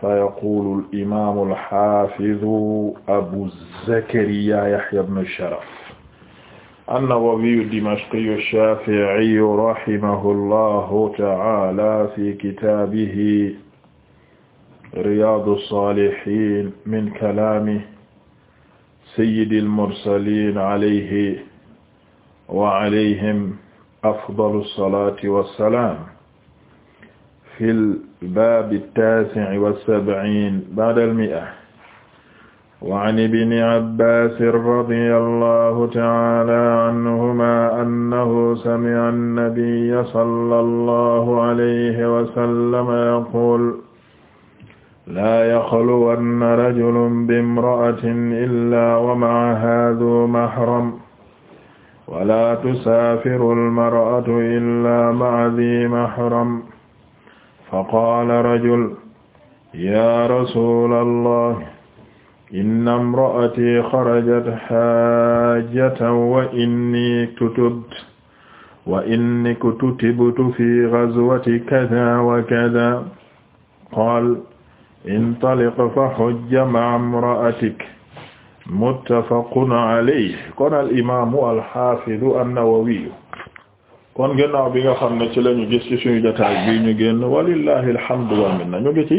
sayaqulu al-imaamu al-haafidu Abu Zakariyaa Yahyaa ibnu Sharaf an-Nawawiyyu ad-Dimashqiyyu ash-Shaafi'iyyu rahimahullaahu ta'aalaa fi kitaabihi Riyaadu as-Saalihiin min kalaami sayyidi al-mursaliin alayhi wa alayhim afdalu as-salaati was-salaam fil baabi taasi' wa sab'iin ba'dal mi'a wa 'an ibni Abbaas radiyallaahu ta'aalaa 'anhumaa annahu sami'a an-nabiyya sallallaahu 'alayhi wa sallam yaquulu laa yaxluwanna rajulun bimra'atin illaa wa ma'ahaa dhuu mahram wa laa tusaafiru al-mar'atu illaa ma'a dhii mahram fa qaala rajul yaa rasula allah inna imra'atii xarajat xaajatan wa inni kutubtu wa inni kutibtu fi gazwati kada wa kada qaal intaliq fa hujja ma'a imra'atik muttafaqun alayhi qaala al imaamu al haafidu an-nawawiyu kon ginnaaw bi nga xam ne ci lañu ñu gis ci suñu jotaay bi ñu génn walillahi alhamdu wal minna ñu ngi ci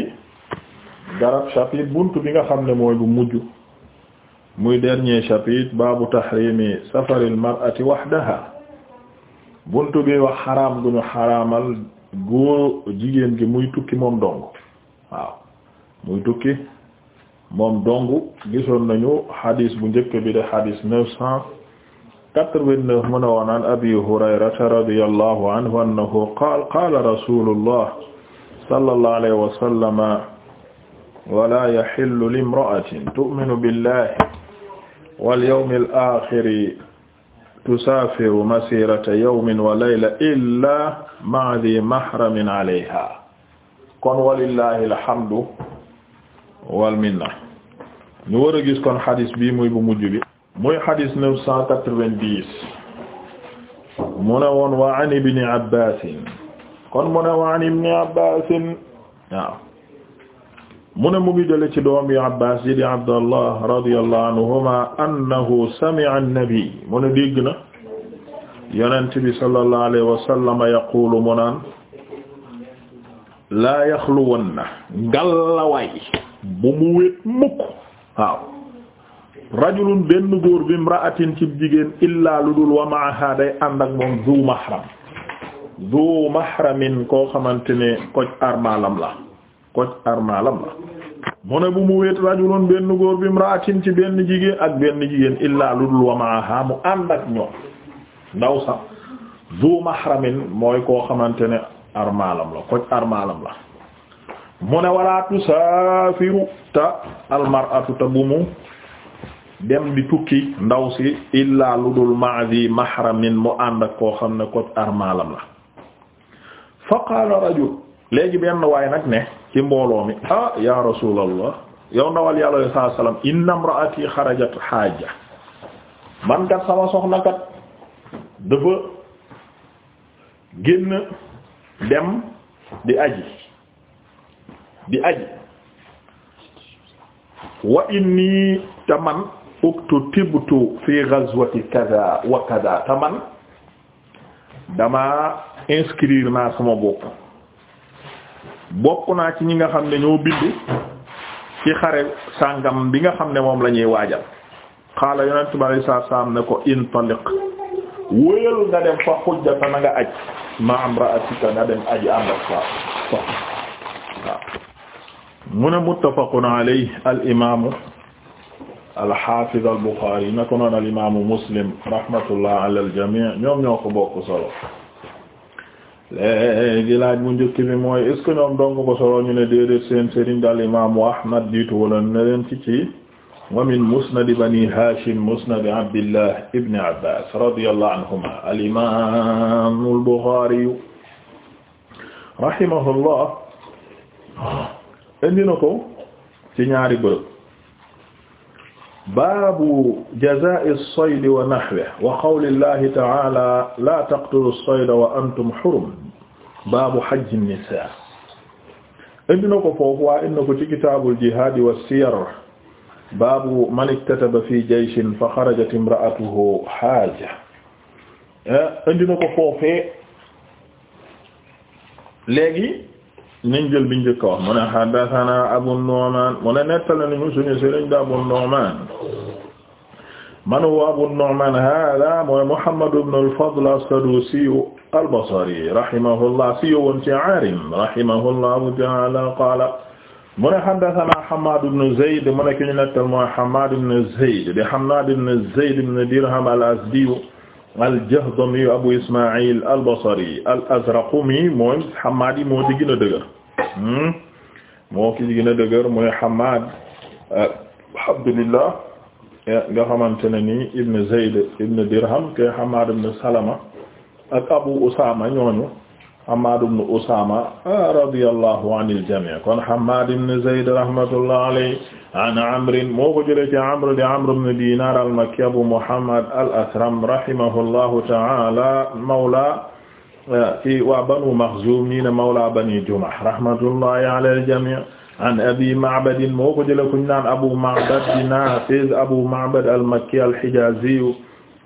garab chapitre bunt bi nga xam ne mooy bu mujj muy dernier chapitre baabu tahrimi safaril mar'ati wahdaha buntu bi wax xaraam gu ñu xaraamal góor jigéen gi muy tukki moom dong waaw muy tukki moom dong gisoon nañu xadiis bu njëkk bi de xadiis 89 mu ne woon an abi hurayrata radiyallahu anhu annahu qaala qaala rasulullah sallallahu alayhi wa sallama wala yahillu limra'atin tu'minu billahi wal yawmil aakhiri tusafiru masirata yawmin wa layla illa ma'a dhi mahramin alayha kon walillahi alhamdu wal minna ñu war a gis kon xadis bi muy bu mujj bi muy xadis neuf cent quatre-vingt-dix mu ne woon wa an ibni abbasin kon mu ne wa an ibni abbasin waaw mu ne mu ngi jële ci doom yi abbas ji di abdallah radiyallahu anhuma annahu sami'a an-nabi mu ne dégg na yonent bi sallallahu alayhi wa sallam yaqulu mu naan laa yaxluwanna ngallawaay bu mu wéet mukk waaw rajulun benn góor bi imra'atin ci jigéen illaa lu dul wa ma'aha day ànd ak moom zu mahram zu mahramin koo xamante ne armalam la koj armalam la mu ne bu mu wéet rajulun benn góor bi imra'atin ci benn jigéen ak benn jigéen illaa lu dul wa ma'aha mu ànd ak ñoom ndaw sax zu mahramin mooy koo xamante ne armalam la koj armalam la mu ne walaa tusaafiru ta almar'atu ta bu mu dem bi tukki ndaw si illaa lu dul maadi mahramin mu ànd ak koo xam ne ko armalam la fa rajul léegi benn waay nag ne ci mbooloo mi ah ya rasulallah yow ndawal yàlla alei saat sallam inna imraati xarajat xaaja man kat sama soxna kat dafa génn dem di aji di aji wa inni te man uktu tibtu fi ghazwati kaza wa kaza te dama inscrire naa sama bopp bokk naa ci ñi nga xam ne ñoo bind ci xare sàngam bi nga xam ne moom la ñuy waajal xaala yonent bi alayhi salaatu salaam ne ko intaliq wóyal nga dem fa xujjata na nga aj ma amraatika nga dem aji ànd ak mu ne muttafaqun alayhi al imaamu al-Hafiz al-Bukhari naka noonu al-imaamu Muslim rahmatullah ala al-jamii ñoom ñoo ko bokk solo léegi laaj mu njëkk bi mooy est ce que ñoom dong ko solo ñu ne déedéet seen sëriñ daal imaamu Ahmad jiitu wala ne leen ci ci wa min musnad bani Hashim musnad Abdillah ibn Abbas radiyallahu anhuma al-imaam al-Bukhari rahimahullah indi na ko ci ñaari bërëb baabu jazaa'i as-sayd wa nahwihi wa qawli llahi ta'ala laa taqtulu as-sayda wa antum hurum baabu hajji an-nisaa indi na ko foofu waa indi na ko ci kitaabul jihaad wa siyar baabu man iktataba fi jayshin fa xarajat imra'atuhu haaja eh, indi na ko foofee léegi nañ jël biñ njëkk wax mu ne haddathana Abu Nu'man mu ne nettali nañu suñu sëriñ da Abu Nu'man man huwa Abu Nu'man hada mooy Muhammad ibn al-Fadl as-Sadusi al-Basri rahimahullah si woon ci Arim rahimahullahu ta'ala qala mu ne haddathana Hammad ibn Zayd mu ne ki ñu nettal mooy Hammad ibn Zayd di Hammad ibn Zayd ibn Dirham al-Azdi al-Jahdami Abu Isma'il al-Basri al-Azraq mi mooy Hammaad yi moo ci gën a dëgër hmm? moo ci gën a dëgër mooy Hammaad Abdullah nga xamante ne ni Ibn Zayd Ibn Dirham ke Hammaad ibn Salama ak Abu Usaama ñooñu Hammaad ibn Usaama ah, radiyallahu anil jamii kon Hammaad ibn Zayd rahmatullah alayhi an Amr moo ko jëlee ci Amr di Amr ibn Diinaar al-Makki Abu Muhammad al-Asram rahimahullahu ta'aala mawla ci ah, waa Banu Maxzuum ñii ne mawla Bani Jumah rahmatullahi alal jamii an Abi Ma'bad moo ko jëlee kuñ naan Abu Ma'bad di Naafiz Abu Ma'bad al-Makki al-Hijaazi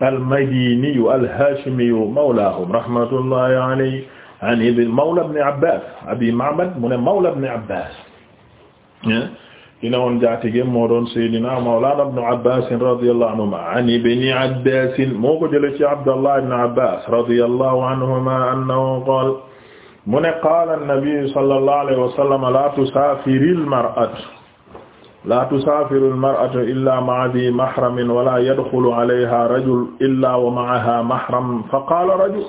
al-Madiini al-Haashimi mawlaahum rahmatullahi alayhi an ibn mawla ibn abbas abi ma'bad mu ne mawla ibn abbas ki ne woon jaatige moo doon sayyidina mawlana ibn abbas radiyallahu anhuma an ibn abbas moo ko jële ci abdallah ibn abbas radiyallahu anhuma annahu qaala mu ne qaala an-nabi sallallahu alayhi wa sallam la tusaafiril mar'atu la tusaafiril mar'atu illa ma'a dhi mahramin wa la yadkhulu alayha rajul illa wa ma'aha mahram fa qaala rajul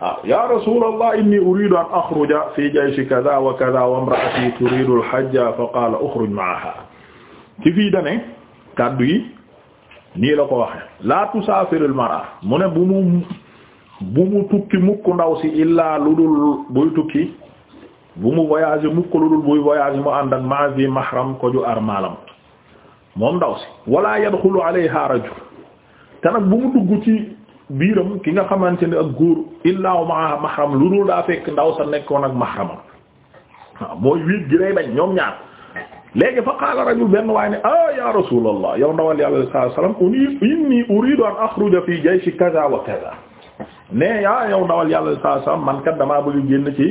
waaw ah, ya rasulallah inni uridu an axruja fi jayshi kada wa kada wa imraati turidu al-hajja fa qaala uxruj maaha ci fii dane kàddu yi nii la ko waxe la tusaafir al-mar'a mu ne bu mu bu mu tukki mukk ndaw si illaa lu dul buy tukki bu mu voyage mukk lu dul buy voyage mu ànd ak maasi mahram ko ju armalam moom ndaw si wala yadxulu alayha rajul te nag bu mu dugg ci biiram ki nga xamante ne ak góor illaaw ma mahram lu dul daa fekk ndaw sa nekkoon ak mahrama waaw mooy wiit gi lay bañ ñoom ñaar léegi fa qaala rajul benn waaye ah ya rasulallah yow ndawal yàlla sallallahu alayhi wasallam uni inni uridu an akhruja fi jaysh kaza wa ne yaa yow ndawal yàlla sallallahu alayhi wasallam man kat damaa bëgg génn ci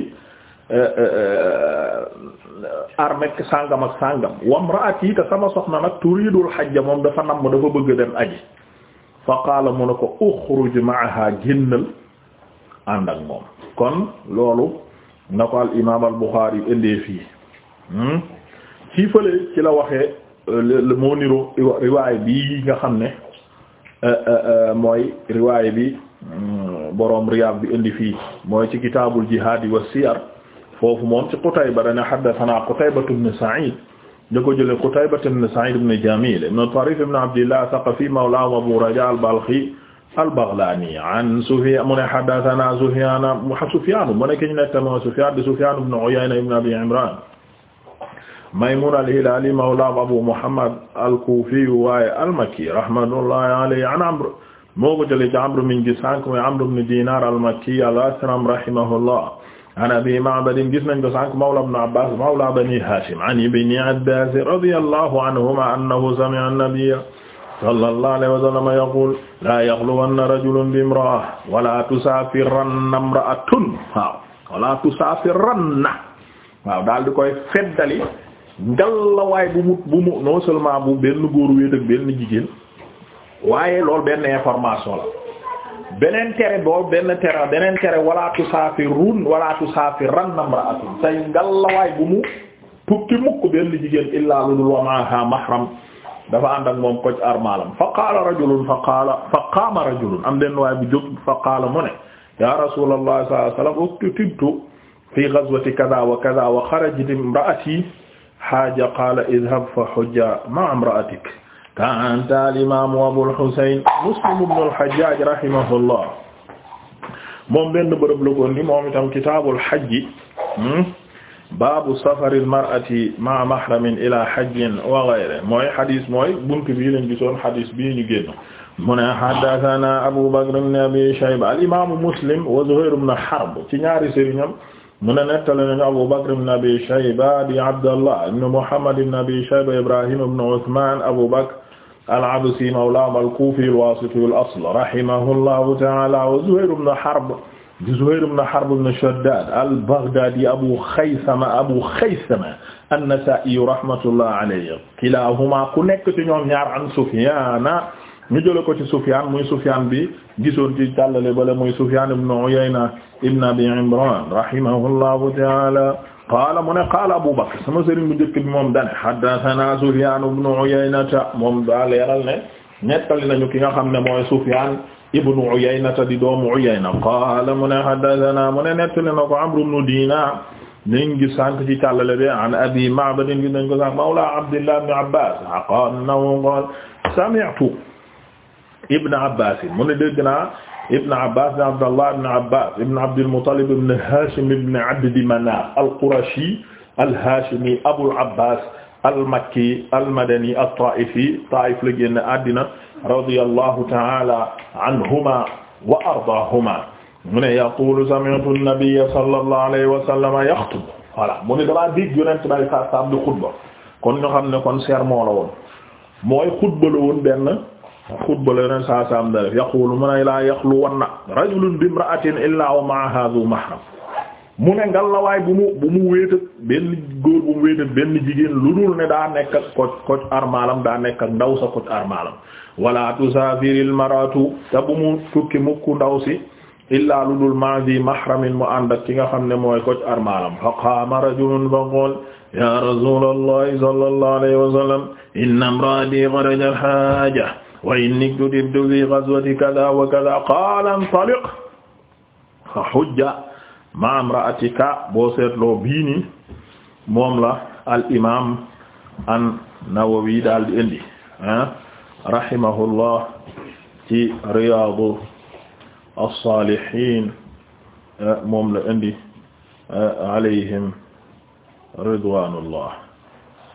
eh, eh, armek sàngam ak sàngam wamraati te sama soxna nag turidul hajja moom dafa namm dafa bëgg dem aji fa qaala mu ne ko uxruj maaha génnal ànd ak moom kon loolu na ko al imaam al Buxaari indee fii hmm? ci fële ci la waxee moo niro riwaay bi nga xam ne euh, euh, euh, mooy riwaay bi hmm, boroom Riyaad bi indi fii mooy ci kitaabul jihaad wa siyar foofu moom ci Qutayba dana haddathanaa Qutaybatu ibn Sa'iid da ko jëlee Qutayba ibn Sa'id ibn Jamil ibn Tarif ibn Abdillah Thaqafi mawla Abu Raja al-Balkhi al-Baghlani an Sufyan mu ne haddathana Sufyan Sufyan mu ne ki ñu nettama Sufyan di Sufyan ibn Uyayna ibn Abi Imran Maymun al-Hilali mawla Abu Muhammad al-Kufi waaye al-Makki rahmatullahi alayhi an Amr moo ko jëlee ci Amr min gi sànq mooy Amr ibn Dinar al-Makki al-Asram rahimahullah an abi ma'badin gis nañ ko sànq mawla ibn abbas mawla bani hashim an ibni abbas radiyallahu anhuma annahu sami'a an-nabiyya sallallahu alayhi wa sallam yaqul la yaghluwanna rajulun bi imra'a wala tusafiranna imra'atun waaw wala tusafiranna waaw daal di koy feddali ngallawaay bu mu bu mu non seulement bu benn góor wéet ak benn jigéen waaye loolu benn information la beneen tere boobu benn tere beneen tere wala tusaafirun wala tusaafiranna imra'atun say ngalawaay bu mu tukki mukk benn jigéen illaa lu dul wa maaha mahram dafa ànd ak moom koc armalam fa qaala rajulun fa qaala fa qaama rajulun am benn waay bu jóg fa qaala mu ne ya rasulallah sallallahu alayhi wa sallam uktitibtu fi ghazwati kaza wa kaza wa kharajat imra'ati haaja qaala idhhab fa hujja ma'a imra'atik kanta alimamu abul husayn muslim ibn al hajjaj rahimahullah moom benn bërëb la gondi moom itam kitaabul hajji hmm? baabu safaril mar'ati ma'a mahramin ila hajjin wa ghayrihi mooy hadis mooy buntu bii lañ gisoon hadis bii ñu génn mu ne haddathana Abu Bakr ibn Abi Shayba al imaamu Muslim wa Zuhayr ibn Harb ci ñaari sëriñam mu ne nettali nañu Abu Bakr ibn Abi Shayba di Abdallah ibn Muhammad ibn Abi Shayba Ibrahim ibn Usman Abu Bakr al-Absi mawlaahum al-Kufi al-Wasiti al-asl rahimahullahu ta'ala wa Zuhayr ibn Harb di Zuhayr ibn Harb ibn Shaddad al-Baghdadi Abu Khaysama Abu Khaysama an-Nasa'i rahmatullahi alayhi kilaahuma ku nekk ci ñoom ñaar an Sufyaan ñu jële ko ci Sufyaan muy Sufyaan bi gisoon ci tàllale bala muy Sufyaan ibn Uyayna ibn Abi Imraan rahimahullahu ta'ala qaala mu ne qaala Abu Bakr sama sëriñ bu njëkk bi moom dane haddathana Sufyaan ibn Uyayna moom daa leeral ne nettali nañu ki nga xam ne mooy Sufyaan ibn Uyayna di doomu Uyayna qaala mu ne haddathana mu ne nettali na ko Amr ibn Diinaar nañ ngi sant ci tàllale bi an Abi Ma'bad bi nañ ko sant mawla Abdullah ibn Abbaas qaala sami'tu ibn Abbas mu ne dégg naa ibn Abbas ibn Abdallah ibn Abbas ibn Abdul Muttalib ibn Hashim ibn Abd Manaf al-Qurashi al-Hashimi Abul Abbas al-Makki al-Madani at-Taa'ifi Taa'if la génn àddina radiyallahu ta'ala anhuma wa ardaahuma mu ne yaqulu sami'tu an-nabiyya sallallahu alayhi wa sallam yaxtub voilà mu ne damaa dégg Yonent bi alayhi salaam di xutba kon ñu xam ne kon sermon la woon mooy xutba la woon benn. xutba la saam da def yaqulu mu ne laa yaxlu wanna rajulun bimra'atin illaa wa ma'aha dhu mahram mu ne ngalawaay bu bu mu wéet ak benn góor ne daa nekk ak koc koc armalam daa nekk ak ndaw sa koc armalam wala tusaafiril maratu te bu mu tukki mukk ndaw si illaa lu dul maadi mu ànd nga xam ne mooy koc armalam fa qaama rajulun fa qaala ya rasuulallahi sallallahu alayhi wa sallam inna wa inni kutibtu fi ghazwati kaza wa kaza qala intaliq fa hujja ma imra'atika boo seetloo bii nii moom la al imam an-Nawawi daal di indi ah rahimahullah ci Riyadu as-Salihin eh, moom la indi eh, alayhim ridwanullah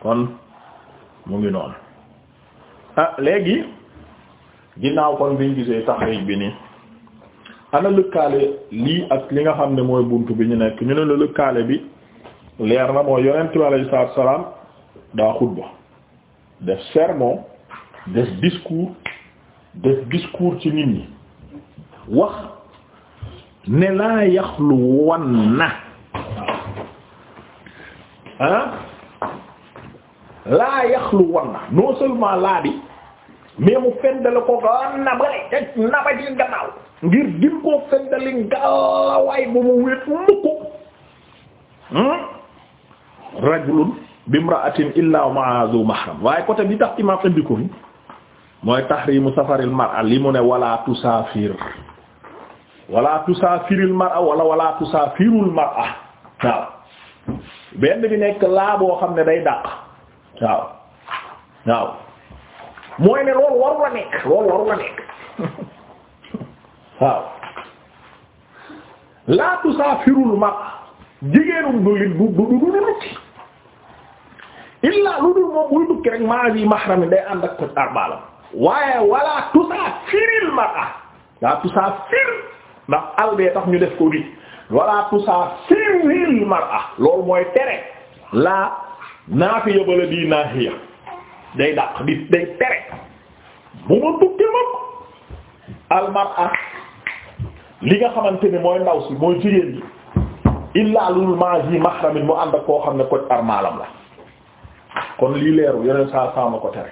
kon mu ngi noonu ah léegi ginnaaw kon biñ gisee taxriij bi nii ana lëkkaale lii ak li nga xam ne mooy bunt bi ñu nekk ñu ne la lëkkaale bi leer na mooy yonent bi alayhi salaatu wa salaam daa xutba def sermon def discours def discours ci nit ñi wax ne laa yaxlu wan na ah laa yaxlu wan na non seulement laa bi mais mu fendale ko ga nabare ca nabaji gannaaw ngir gin koo fendali ngalawaay ba mu wéet mukk hmm? rajulun bimra'atin illa ma'a zu mahram waaye côté bi tax imam andiko mooy tahrimu safaril mar'a li mu ne wala tusaafir wala tusaafiril mar'a wala wala tusaafirul mar'a waaw benn bi nekk laa boo xam ne day dàq waaw waaw mooy ne loolu waru la nekk loolu waru la nekk waaw laa tusaafirul ma jigéenum du lit bu du du du rëcc illaa lu dul moom buy tukki rek maagi mahram day ànd ak ko arbaalam waaye wala tusaafiril mar'a laa tusaafir ndax albee tax ñu def ko rit wala tusaafiril mar'a loolu mooy tere laa naafiya bala di naahiya day dàq di day tere mu ma tukkee ma ko li nga xamante ni mooy ndaw si mooy jigéen ji illaa lul maji mahramin mu ànd ak koo xam ne ko armaalam la kon lii leeru yeneen saa saama ko tere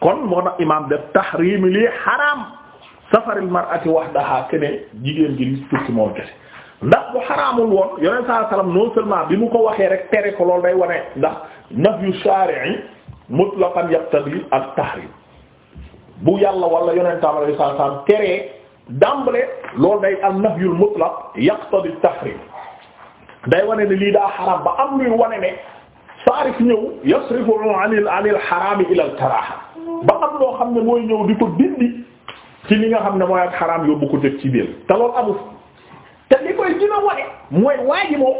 kon moo tax imaam def tahrim lii xaraam safaril mar'ati wahdaha kene jigéen ji li tukki moom kese ndax bu xaraamul woon yeneen saa salaam non seulement bi mu ko waxee rek tere ko loolu day wane ndax nafyu shari'i mutlaqan yaqtadi at-tahrim bu yàlla wala yonentam alayhi salaam teree d'emblée loolu day an-nahyul mutlaq yaqtadi at-tahrim day wane ne lii daa xaram ba am luy wane ne saarif ñëw yasrifu anil anil xaraami ila al-karaaha ba am loo xam ne mooy ñëw di ko dindi ci li nga xam ne mooy ak xaraam yóbbu ko jëkk ci biir te loolu amul te li koy gën a wane mooy waa ji moom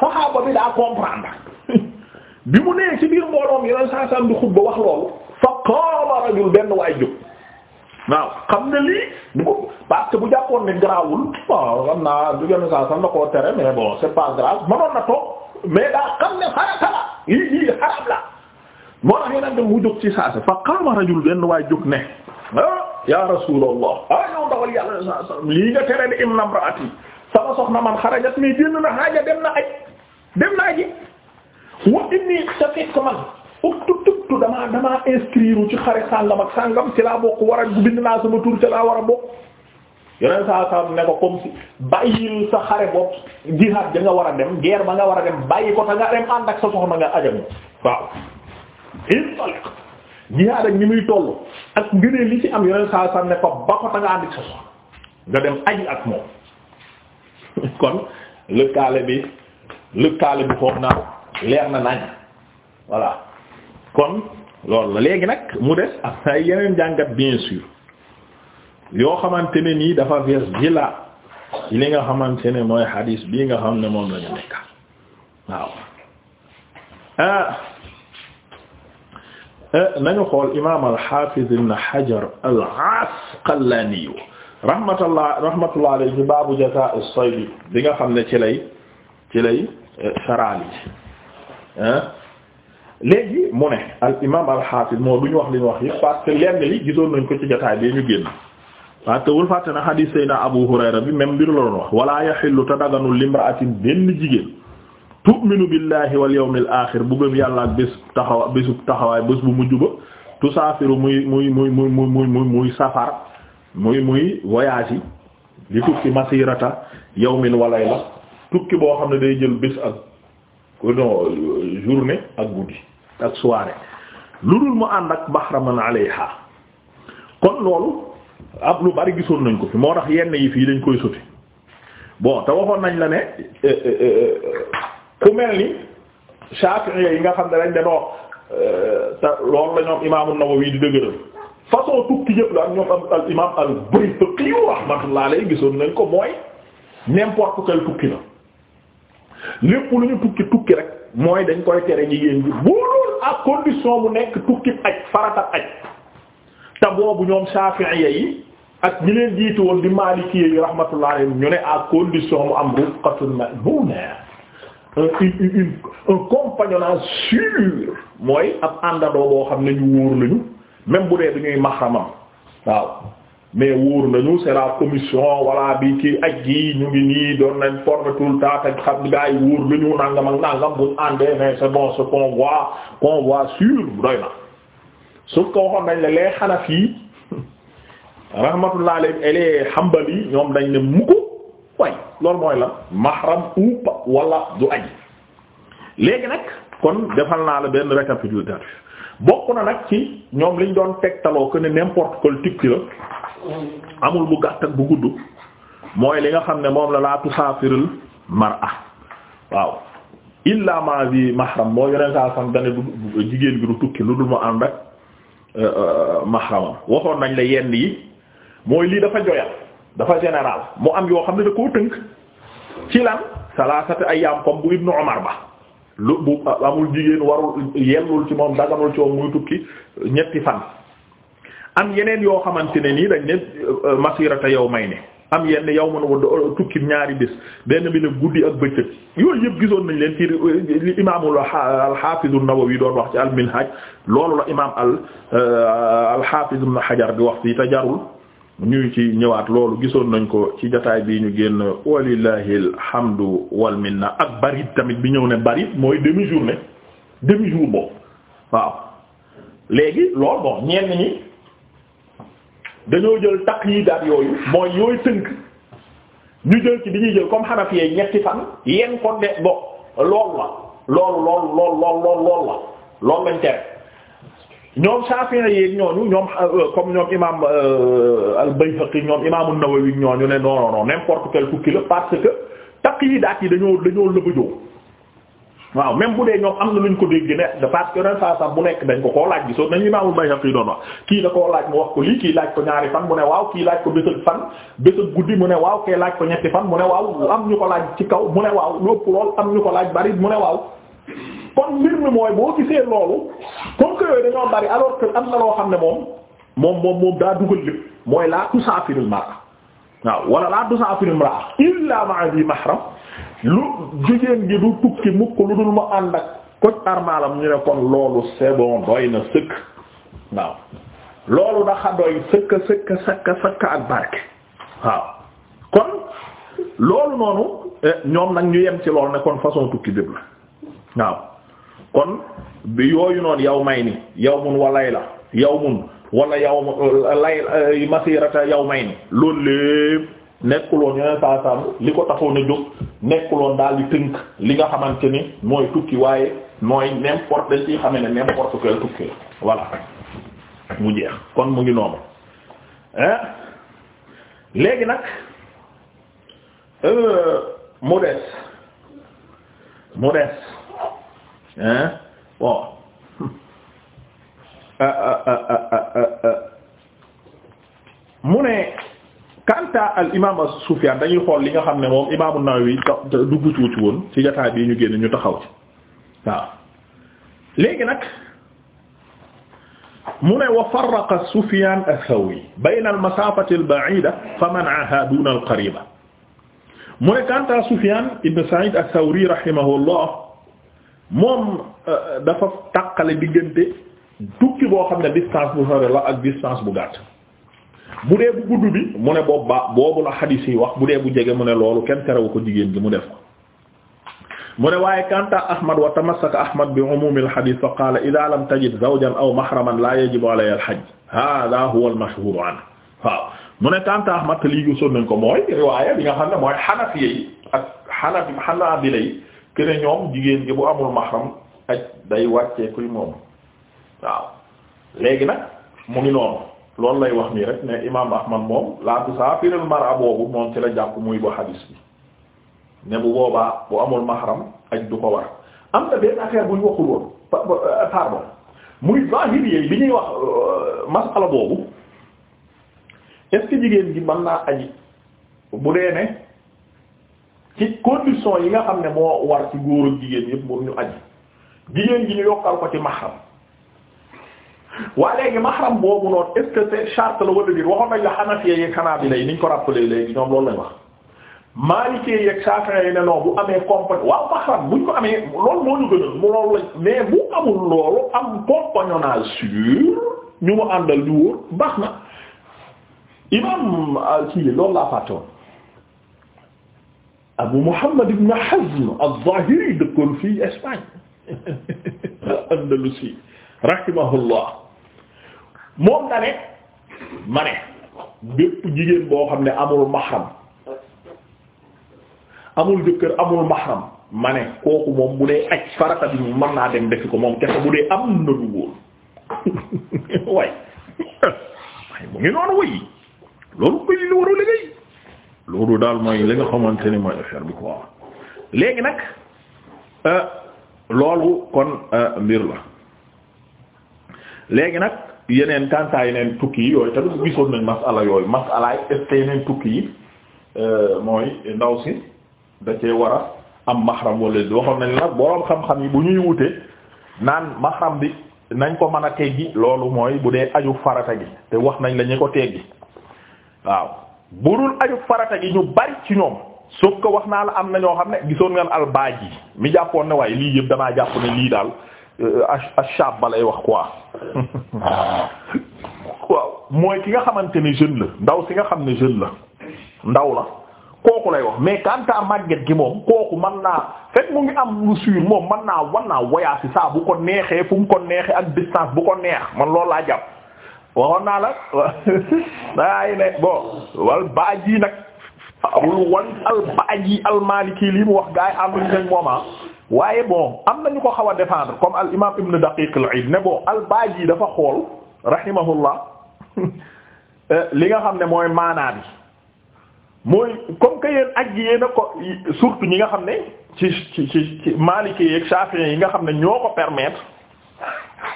saxaaba bi daa comprendre. bi mu nee ci biir mbooloom yeneen saa saa di xutba wax loolu fa qaala rajul benn waay jóg waaw xam ne lii du ko parce bu jàppoon ne garaawul waaw xam du yeneen saa saa na toog mais daa xam ne xarata la lii lii xaraam la moo tax yeneen dem mu jóg ci saa si fa qaala rajul benn waay jóg ne ah, yaa rasuulallah ah, lii nga tere ni inna imraati sama soxna man xarajat mi génn xaaja dem na aj dem na aji. wa inni te fekk man uktu tuktu damaa damaa inscrire ci xare sàngam ak sàngam ci laa bokk war a bind naa sama tur ci laa war a bokk yeneen saa ne ko comme si bàyyil sa xare bopp jihaad da war a dem guerre ba nga war a dem bàyyi ko te nga dem ànd ak nga ajam waaw intalik jihaad ak ci am yeneen saa saa ne ko ba ko dem aji ak moom kon lëkkaale bi lëkkaale bi foofu naa leer na nañ voilà loolu la léegi nag mu des am na yeneen jàngat bien sûr yoo xamante ne nii dafa vers bi la li nga xamante ne mooy xadiis bii nga xam ne moom la ñu nekk waaw ah. Ah, nañu xool imaam al-Hafiz ibn Hajar al-Asqalani rahmatullah rahmatullah alayhi baabu jazaa as-sayd bi nga xam ne ci lay ci lay eh, saraal léegi mu ne al imaam al xaafis moo duñu wax liñu wax yi parce que lenn li gisoon nañ ko ci jotaay bi ñu génn parce que wul fàtte na xadiis Seydina Abu Hurayra bi même mbir la doon wax wala yaxillu te daganul limraatin benn jigéen tu'minu billahi wal yawmil aaxir bu gëm yàlla ak bés taxawaay bés bu mujj ba tusaafiru muy muy muy muy muy muy muy safar muy muy voyage yi di tukki masirata yawmin wa layla tukki boo xam ne day jël bés ak non journée ak guddi ak soirée lu dul mu ànd ak bahraman alayha kon loolu ab lu bari gisoon nañ ko fi moo tax yenn yi fii dañ koy soti bon te waxoon nañ la ne eh, eh, eh, ku mel ni Shafi'i yi nga xam ne dañ danoo te loolu la ñoom imaamu Nawawi di dëgëral façon tukki yëpp la ak ñoom al imam al Bayhaqi rahmatullah alayhi gisoon nañ ko mooy n'importe tukki la lépp lu ñu tukki tukki rek mooy dañ koy tere jigéen bi bu dul ak condition bu nekk tukki aj farata aj te boobu ñoom Shafi'iyya yi ak ñi leen jiitu woon di Maalikiyya yi rahmatullah alayhim ñu ne à condition mu am rufqatun ma'muna un compagnonnage sûr mooy ab àndandoo boo xam ne ñu wóor lañu même bu dee dañuy maxramam waaw mais wóor nañu c'est la commission wala bi ci aj gi ñu ngi nii doon nañ former tout le temps ak xam gaa yi wóor la ñu nangam ak nangam buñ àndee mais c'est bon ce qu'on voit qu'on voit doy na sauf que waxoon nañ la les Hanafi rahmatullah alayhim et les ñoom dañ ne mu way loolu mooy la mahram ou wala du aj léegi nag kon defal naa la benn récapitulatif bokk na nag ci ñoom liñ doon tegtaloo que ne n'importe quel la amul mu gàtt ak bu gudd mooy li nga xam ne moom la laa tusaafirul mar'a waaw illa ma bi mahram moo yeneen saa sam dane du jigéen bi du tukki lu dul ma ànd ak euh, euh, mahramam waxoon nañ la yenn yi mooy lii dafa joyal dafa général mu am yoo xam ne da koo tënk ci lan salasata ayyam comme bu ibnu Umar ba lu bu amul jigéen warul yellul ci moom daganul ci moom muy tukki ñetti fan am yeneen yoo xamante ne nii dañ ne euh, masirata yow may ne am yenn yow ma a tukki ñaari bés benn bi ne guddi ak bëccëg yooyu yëpp gisoon nañ leen ci euh, li imaamul al-Hafiz an-Nawawi doon wax ci al-Minhaj loolu la imaam al euh, al-Hafiz Ibn Hajar di wax ci te jarul ñuy ci ñëwaat loolu gisoon nañ ko ci jataay bii ñu génn walillahi alhamdu wal minna ak barid tamit bi ñëw ne barid mooy demi journée demi jour boobu waaw léegi loolu bon ñenn ñi dañoo jël taqyidaat yooyu mooy yooyu tënk ñu jël ci bi ñuy jël comme xanafiyee ñetti fan yenn ko de bo loolu la loolu loolu loolu loolu loolu la loolu lañ tere ñoom Shafi'i yeeg ñooñu ñoom euh, euh, comme ñoom imam euh, al-Bayhaqi ñoom imam an-Nawawi ñooñu ne non non non n'importe quel fukki la parce que taqyidaat yi dañoo dañoo lëbëjoo waaw même bu dee ñoom am na luñ ko dégg ne de parce que ren saa sax bu nekk dañ ko koo laaj gisoo nañu imam al-Bayhaqi doon wax kii da koo laaj mu wax ko lii kii laaj ko ñaari fan mu ne waaw kii laaj ko bés ak fan bés guddi mu ne waaw kee laaj ko ñetti fan mu ne waaw am ñu ko laaj ci kaw mu ne waaw lépp lool am ko laaj bari mu ne waaw. kon mbir mi mooy boo gisee loolu comme que dañoo bari alors que am na loo xam ne moom moom moom daa dugal lépp mooy laa tusaafirul mar'a waaw wala laa tusaafirul mar'a illa ma'a bi mahram lu jigéen gi du tukki mukk lu dul ma ànd ak koc armalam ñu ne kon loolu c'est doy na sëkk waaw loolu daxa doy sëkk sëkk sakka sakka ak barke waaw kon loolu noonu eh, ñoom nag ñu yem ci loolu ne kon façon tukki bépp la waaw kon bi yooyu noonu yow may ni yow mun wa la yow mun wala yow lay eh, masirata yow may ni loolu lépp nekkuloon yeneen saa saa li ko taxoon a jóg nekkuloon daal di tënk li nga xamante ni mooy tukki waaye mooy n'importe dañ ciy xame ne n'importe quel tukki voilà mu jeex kon mu ngi noonu léegi nag euh, mu des mu des hein bon euh, euh, euh, mu ne kanta al imam Sufyan dañuy xool li nga xam ne moom imaamu Nawawi dugg ci wuti woon ci jotaay bii ñu génn ñu taxaw ci waaw léegi nag mu ne wa farraqa Sufyan ath-Thawri bayna al-masafati al-ba'ida fa man'aha duna al-qariba mu ne kanta Sufyan ibn Sa'id ath-Thawri rahimahullah moom euh, euh, dafa tàqale diggante tukki boo xam ne distance bu sore la ak distance bu gàtt bu dee bu gudd bi mu ne boobu ba boobu la xadiis yi wax bu dee bu jege mu ne loolu kenn terewu ko jigéen gi mu def ko mu ne waaye kanta ahmad wa tamassaka ahmad bi umumi alxadis fa qaala ida lam tajid zawjan aw mahraman la yajibu alay alxaj hada huwa almashhur an waaw mu ne kanta ahmad te lii gisoon nañ ko mooy riwaaya bi nga xam ne mooy xanafiye yi ak xanafi xanaabila yi kene ñoom jigéen gi bu amul mahram aj day wàccee kuy moom waaw léegi nag mu ngi noonu loolu lay wax nii rek ne imaam ahmad moom laa tusaafiral mara boobu moom ci la jàpp muy bu hadis bi ne bu boobaa bu amul mahram aj du ko war am na benn affaire bu ñu waxul woon euh, pardon muy zahiri bi ñuy wax euh, masala boobu est-ce jigéen gi man naa aji bu dee ne ci condition yi nga xam ne moo war ci góor ak jigéen yépp moom ñu aji jigéen gi ñu yokkal ko ci mahram waa léegi mahram boobu noonu est-ce que c'est charte la wala biir waxoon nañ la Hanafiya yeeg Hanabila yi niñ ko rappelé léegi ñoom loolu lay wax ye yeeg Shafi'i yi ne non bu amee compagnon waaw mahram buñ ko amee lool moo ñu gënal mu loolu lañ mais bu amul lool am compagnonnage sûr ñu mu àndal di baax na imam euh, kii loolu laa fàtte woon Abu Muhammad ibn Hazm az-Zahiri dëkkoon fii Espagne Andalusi rahimahullah moom na ne ma jigéen boo xam ne amul mahram amul jëkkër amul mahram ma kooku moom bu dee aj farata bi mën naa dem defi ko moom kese bu dee am na du góor mu ngi noonu waay loolu koy li waru liggéey loolu daal mooy li nga xamante ni mooy affaire bi quoi léegi nag euh, loolu kon euh, mbir la léegi nag yeneen kantaa yeneen tukki yi yooyu tamit gisoon nañ masala yooyu masalaay est-ce yeneen tukki yi euh, mooy ndaw si da cee war a am mahram wala di waxoon nañ la boroom xam-xam yi bu ñuy wute naan mahram bi nañ ko mën a teggi loolu mooy bu dee aju farata gi te wax nañ la ko teggi waaw burul aju farata gi ñu bari ci ñoom sauf que wax naa la am na ñoo xam ne gisoon nga ne ngeen albaaji mi jàppoon ne waaye lii yëpp damaa jàpp ne lii daal a euh, ashab balay wax quoi waaw mooy ki nga xamante ne jeune la ndaw si nga xam ne jeune la ndaw la kooku lay wax mais quant à màgget gi moom kooku man naa fekk mu ngi am lu suur moom mën naa war naa saa bu ko neexee fu mu ko neexee ak distance bu ko neex man loolu laa jàpp waxoon naa la daay ne bon wal baaji nag abul wal al baaji al maliki lii mu wax gaa yi ànduñu nag moom ah. waaye bon am na ñu ko xaw a défendre comme al imaam ibn daqiq al iid ne bon al baaji dafa xool rahimahullah eh, li nga xam ne mooy maanaa bi mooy comme que yéen ak yéen a ko surtout ñi nga xam ne ci ci ci ci maliki yeeg shafi'i yi nga xam ne ñoo ko permettre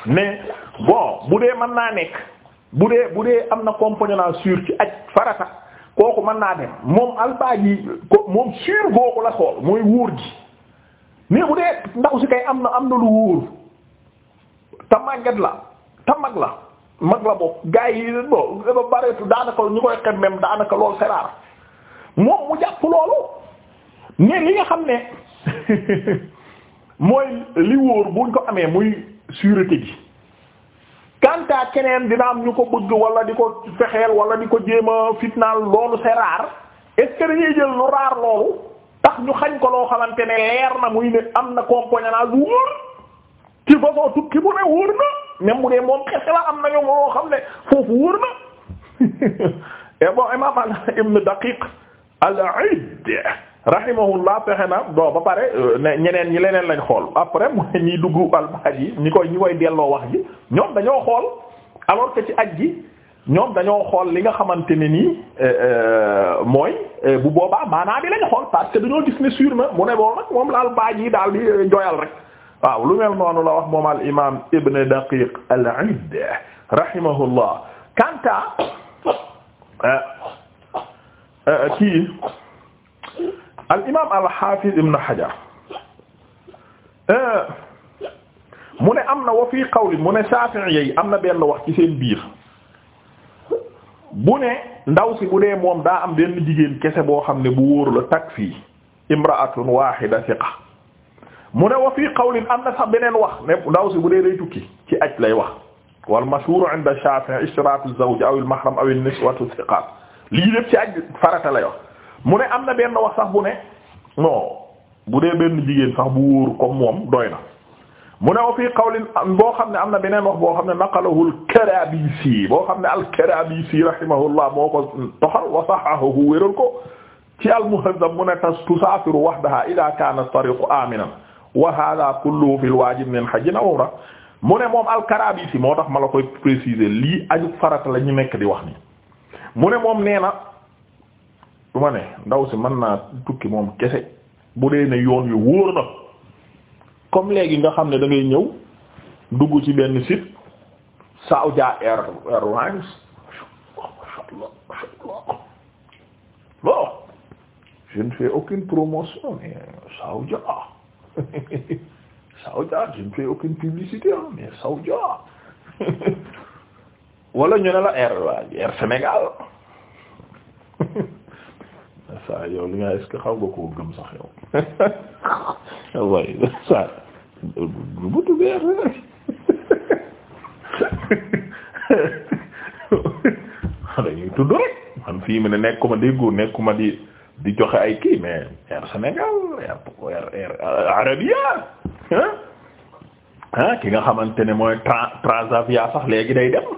mais bon bu dee mën naa nekk. bu dee bu dee am na component sûr ci aj farata kooku mën naa dem moom albaaji ko moom sûr googu la xool mooy wóor gi mais bu dee ndaw si kay am na am na lu wóor te la te mag la mag la bopp gars yi bo dafa bareetu daanaka ñu koy xem même daanaka loolu c'est rare moom mu jàpp loolu mais li nga xam ne mooy li wóor buñ ko amee muy sûreté gi kanta keneen dina am ñu ko bëgg wala di ko fexeel wala di ko jéem a fitnaal loolu c'est rare est-ce jël lu rare loolu tax ñu xañ ko loo xamante ne leer na muy ne am na compagnonnage bu wóor ci façon tukki bu ne wóor na même mu dee moom xese la am nañu loo xam ne foofu wóor na et bon imam ibn Daqiq al-Id rahimahullah fexe na bon ba pare euh, ne ñeneen ñi leneen lañu xool après mooy ñiy dugg albaaj yi ñi koy ñi koy delloo wax ji ñoom dañoo xool alors que ci aj gi ñoom dañoo xool li nga xamante ne nii euh, euh, mooy bu boobaa maanaa bi lañ xool parce que dañoo gis ne sur na mu ne boo nag moom la albaaj yi daal di joyal rek waaw lu mel noonu la wax moom al imam ibn daqiq al id rahimahullah kanta kii al imaam al xaafiz ibn Hajar eh, mu ne am na wa fii qawli mu ne Shafi'i yi am na benn wax ci seen biir bu ne ndaw si bu dee moom daa am benn jigéen kese boo xam ne bu wóor la takfi imra'atun waahida thiqa mu ne wa fii qawlin am na sax beneen wax ne ndaw si bu dee day tukki ci aj lay wax wal mashhur 'inda Shafi'i ishtiratu az-zawj aw al-mahram aw an-niswatu thiqat lii lépp ci aj farata lay wax mu ne am na benn wax sax bu ne non bu dee benn jigéen sax bu wóor comme moom doy na mu ne wa fii qawlin boo xam ne am na beneen wax boo xam ne naqalahu al-Karabisi boo xam ne al-Karabisi rahimahullah moo ko toxal wa sahhahu wéral ko ci al-Muhazzab mu ne tas tusaafiru wahdaha idha kana at-tariqu aminan wa hadha kulluhu fil wajib min hajjin aw umra mu ne moom al-Karabisi moo tax ma la koy préciser lii aju farata la ñu nekk di wax ni mu ne moom nee na du ma ne ndaw si mën naa tukki moom kese bu dee ne yoon yu wóor na comme léegi nga xam ne da ñëw dugg ci benn site Saudia Air Airlines bon je ne fais aucune promotion mais Saudia Saudia je ne fais aucune mais Saudia wala ñu ne la air air Sénégal. waaye yow li nga est-ce que xaw nga koo gëm sax yow waaye saa lu butu beer dañuy tudd rek man fii mu ne nekkuma déggu nekkuma di di joxe ay kii mais Air Sénégal Air Air Arabia ah ki nga xamante ne mooy tra Transavia sax léegi day dem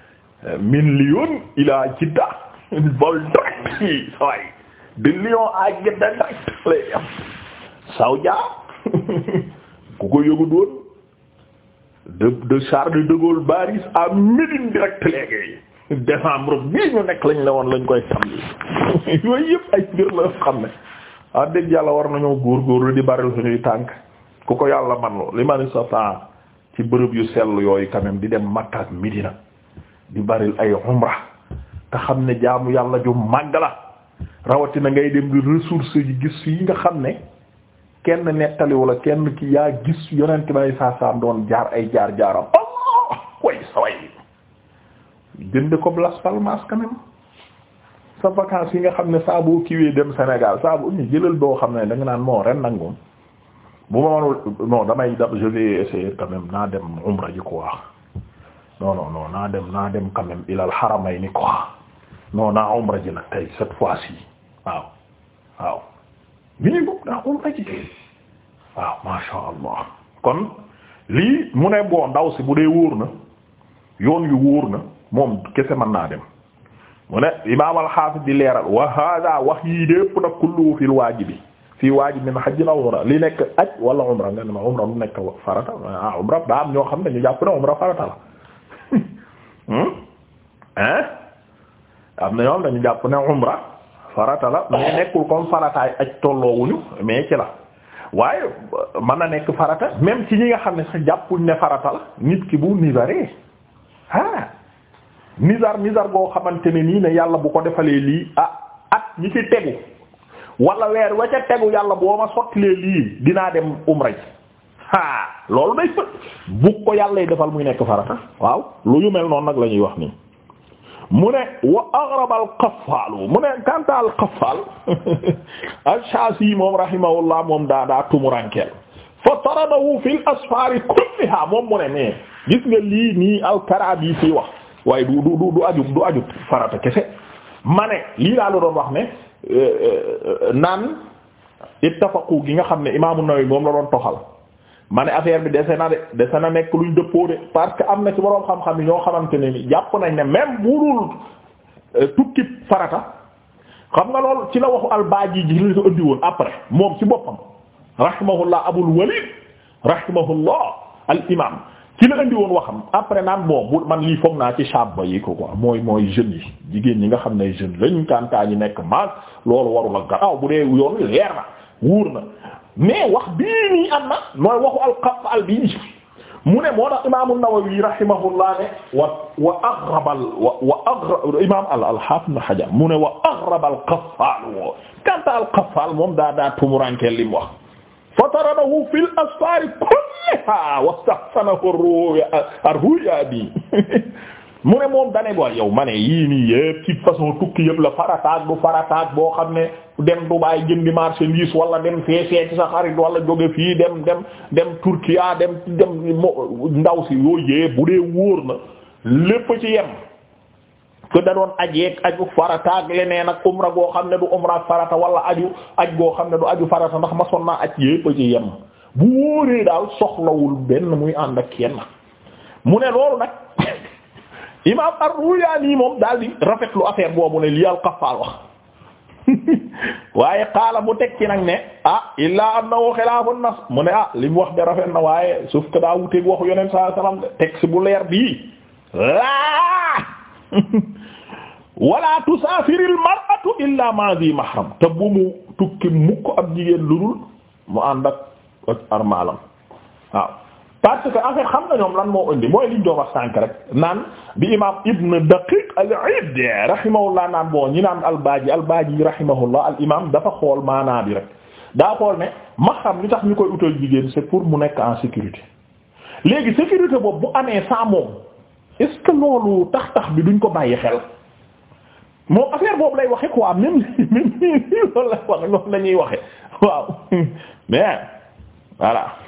min de Lyon à Jeddah direct lay dem Saudia ku ko yëgu doon de de Charles de Gaulle Paris à Médine direct léegi décembre bii ñu nekk lañ la woon lañ koy tàmbali yooyu yëpp ay mbir la xam ne ah dëgg yàlla war nañoo góorgóorlu di bari suñuy tànk ku ko yàlla man li ma ne sa ci bërëb yu sell yooyu quand di dem Makka ak di bari ay umra te xam ne jaamu yàlla ju màgg la rawatina ngay dem di ressource yi gis fii nga xam ne kenn nettali wala kenn ki yaa gis yonent ba ay saasaam doon jaar ay jaar jaaram allah way sa way jënd ko Las Palmas quand sa vacances yi nga xam ne saa boo kiiwee dem Sénégal saa boo ñu jëlal boo xam ne danga naan moo ren nag moom bu ma manul non damay dab je vais essayer naa dem umra ji quoi non non naa dem naa dem quand même ilal xaramay ni quoi non naa umra ji nag tey cette fois ci waaw waaw minimum naa umra ji waaw masha allah kon lii mu ne boo ndaw si bu dee wóor na yoon yu wóor na moom kese mën naa dem mu ne imaam al-Hafiz di leeral wa hada wax yii dépp nag kullu fil waajibi fii waajib min hajjin aw umra li nekk aj wala umra nga ne ma umra mu nekk farata ah, am ñoo xam ne ñu jàpp farata la hmm? hein am na ñoom dañu jàpp ne umra farata la mais nekkul comme farataay ak tolloowuñu mais ci la waaye mën na nekk farata même ci ñi nga xam ne sax jàppuñ ne farata la nit ki bu nizaree ah nizar nizar boo xamante ne nii ne yàlla bu ko defalee lii ah at ñi ci tegu wala weer wa ca tegu yàlla boo ma sottilee lii dinaa dem umra ji ah loolu day bu ko yàlla defal muy nekk farata waaw lu yu mel noonu nag la ñuy wax nii. mu ne wa aghrab al qaffaalu mu ne kanta al qaffaal ash-Shaasi moom rahimahullah moom daa daa tumurankel fa taradahu fil asfaar kulliha moom mu ne mais gis nga lii nii al-Karaabi fi wax waaye du du du ajub du ajub farata kese ma ne lii laa la doon wax ne euh, euh, naan ittafaqu gi nga xam ne Imaamu Nawawi moom la doon toxal. ma ne affaire bi dese na de dese na nekk luñ dëppoo de parce que am na ci boroom xam-xam yi ñoo xamante ne ni jàpp nañ ne même burul euh, tukki farata xam nga lool ci la waxu albaaji ji li ko indi woon après moom ci boppam rahimahullah abul walid rahimahullah al imam ci la indi woon waxam après naan bon bu man lii foog naa ci shabba yi ko quoi mooy mooy jeunes yi jigéen ñi nga xam ne jeunes lañ kantaa ñi nekk maag loolu warul a bu dee yoon leer na wóor na mais wax bii nii am na mooy waxu mu ne moo tax imaamu Nawawi rahimahullah wa wa aghrabal wa al-Hafiz Ibn Hajar mu ne wa aghrabal Qaffal woo kanta al-Qaffal moom daa daa tumuranke lim wax fataranahu fil asfar kulliha wastahsanahu ar-ruya ar-ruya bi mu ne moom dane boo yow ma ne yii nii yëpp ci façon tukki yépp la farataag du farataag boo xam ne dem Dubaay jëndi marchandise wala dem fee seeti sa xarit wala jóge fii dem dem dem Turkiya dem dem ndaw si yooyu bu dee wóor na lépp ci yem que da doon aj yeeg aju farataag leneen ak umra goo xam ne du umra farata wala aju aj goo xam ne du aju farata ndax ma son naa aj yëpp ci yem bu wóoree daal soxlawul benn muy ànd ak kenn mu ne loolu nag imaam ar-Ruyaani moom daal di rafetlu affaire boobu ne lii al wax waaye xaala mu teg ci nag ne ah illaa annahu xilaafu nas mu ne ah li wax de rafet na waaye suuf que daa wuteeg waxu Yonent sallallahu alayhi wasallam bu leer bii laa wala tusaafiril illaa ma'a mahram te bu mu tukki mukk ab jigéen lu dul mu ànd armaalam waaw. parce que en fait xam nga ñoom lan moo indi mooy liñ doon wax sànk rek naan bi imam ibn daqiq al-iid rahimahullah naan bon ñi naan al-baaji al-baaji rahimahullah al imam dafa xool maanaa bi rek daa xool ne xam li tax ñu koy utal jigéen c'est pour mu nekk en sécurité léegi sécurité boobu bu amee saa moom est-ce que loolu tax tax bi duñ ko bàyyi xel moom affaire boobu lay waxe quoi même même loolu lay wax loolu la ñuy waxe waaw mais voilà